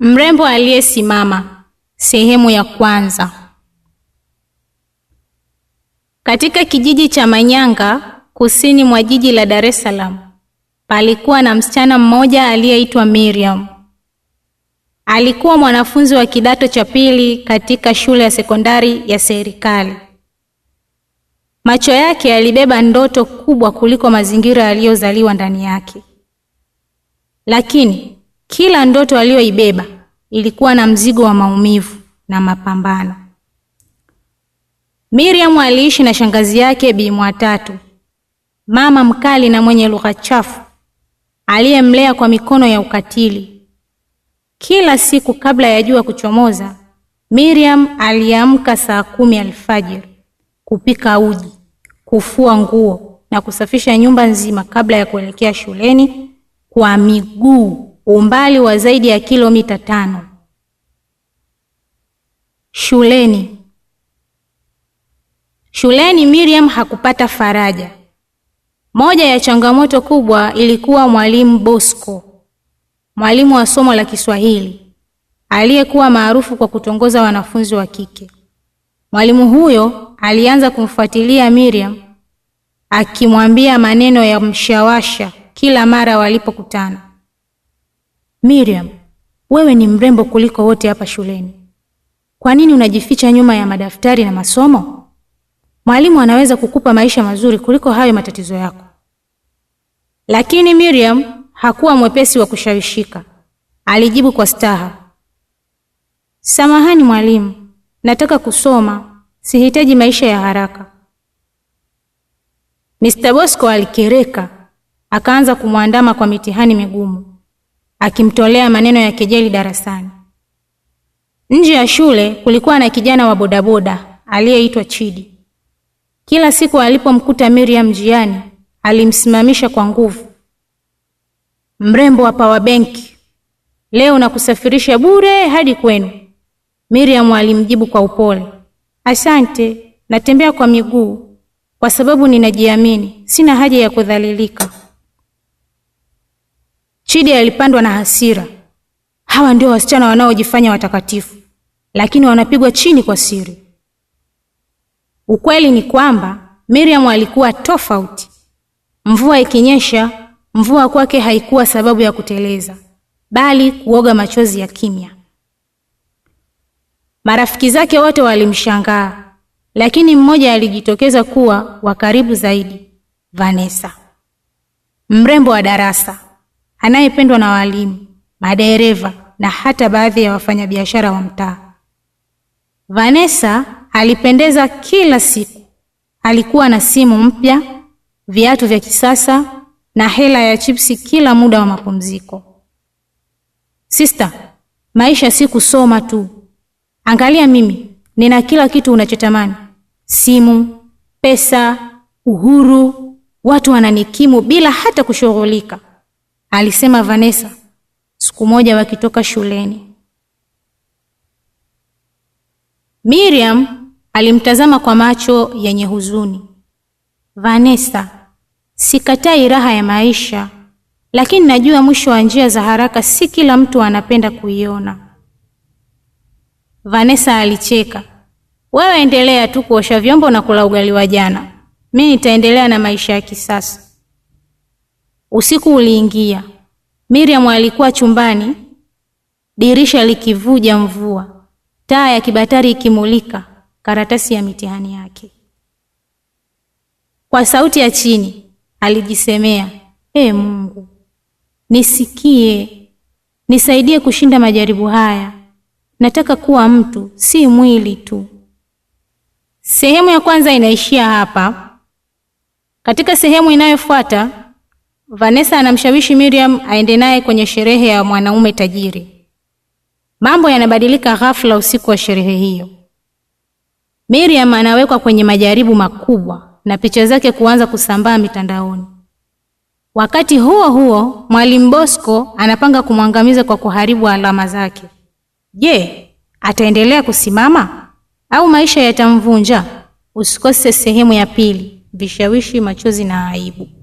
Mrembo aliyesimama sehemu ya kwanza. Katika kijiji cha Manyanga kusini mwa jiji la Dar es Salaam, palikuwa na msichana mmoja aliyeitwa Miriam. Alikuwa mwanafunzi wa kidato cha pili katika shule ya sekondari ya serikali. Macho yake yalibeba ndoto kubwa kuliko mazingira aliyozaliwa ndani yake, lakini kila ndoto aliyoibeba ilikuwa na mzigo wa maumivu na mapambano. Miriam aliishi na shangazi yake Bi mama mkali na mwenye lugha chafu aliyemlea kwa mikono ya ukatili. Kila siku kabla ya jua kuchomoza, Miriam aliamka saa kumi alfajiri kupika uji, kufua nguo na kusafisha nyumba nzima kabla ya kuelekea shuleni kwa miguu umbali wa zaidi ya kilomita tano. Shuleni. Shuleni Miriam hakupata faraja. Moja ya changamoto kubwa ilikuwa mwalimu Bosco, mwalimu wa somo la Kiswahili aliyekuwa maarufu kwa kutongoza wanafunzi wa kike. Mwalimu huyo alianza kumfuatilia Miriam akimwambia maneno ya mshawasha kila mara walipokutana. Miriam, wewe ni mrembo kuliko wote hapa shuleni. Kwa nini unajificha nyuma ya madaftari na masomo? Mwalimu anaweza kukupa maisha mazuri kuliko hayo matatizo yako. Lakini Miriam hakuwa mwepesi wa kushawishika. Alijibu kwa staha, samahani mwalimu, nataka kusoma, sihitaji maisha ya haraka. Mr. Bosco alikereka, akaanza kumwandama kwa mitihani migumu akimtolea maneno ya kejeli darasani. Nje ya shule kulikuwa na kijana wa bodaboda aliyeitwa Chidi. Kila siku alipomkuta Miriam njiani, alimsimamisha kwa nguvu. Mrembo wa Power Bank, leo nakusafirisha bure hadi kwenu. Miriam alimjibu kwa upole, asante, natembea kwa miguu kwa sababu ninajiamini, sina haja ya kudhalilika. Chidi alipandwa na hasira. Hawa ndio wasichana wanaojifanya watakatifu, lakini wanapigwa chini kwa siri. Ukweli ni kwamba Miriam alikuwa tofauti. Mvua ikinyesha, mvua kwake haikuwa sababu ya kuteleza, bali kuoga machozi ya kimya. Marafiki zake wote walimshangaa, lakini mmoja alijitokeza kuwa wa karibu zaidi, Vanessa, mrembo wa darasa anayependwa na walimu, madereva na hata baadhi ya wafanyabiashara wa mtaa. Vanessa alipendeza kila siku. Alikuwa na simu mpya, viatu vya kisasa na hela ya chipsi kila muda wa mapumziko. sista maisha si kusoma tu. Angalia mimi, nina kila kitu unachotamani. Simu, pesa, uhuru, watu wananikimu bila hata kushughulika alisema Vanessa siku moja wakitoka shuleni. Miriam alimtazama kwa macho yenye huzuni. Vanessa, sikatai raha ya maisha, lakini najua mwisho wa njia za haraka si kila mtu anapenda kuiona. Vanessa alicheka. Wewe endelea tu kuosha vyombo na kula ugali wa jana, Mimi nitaendelea na maisha ya kisasa. Usiku uliingia. Miriam alikuwa chumbani, dirisha likivuja mvua, taa ya kibatari ikimulika karatasi ya mitihani yake. Kwa sauti ya chini alijisemea, e Mungu, nisikie, nisaidie kushinda majaribu haya. Nataka kuwa mtu, si mwili tu. Sehemu ya kwanza inaishia hapa. Katika sehemu inayofuata Vanessa anamshawishi Miriam aende naye kwenye sherehe ya mwanaume tajiri. Mambo yanabadilika ghafla usiku wa sherehe hiyo. Miriam anawekwa kwenye majaribu makubwa na picha zake kuanza kusambaa mitandaoni. Wakati huo huo, Mwalimu Bosco anapanga kumwangamiza kwa kuharibu alama zake. Je, ataendelea kusimama au maisha yatamvunja? Usikose sehemu ya pili, Vishawishi, Machozi na Aibu.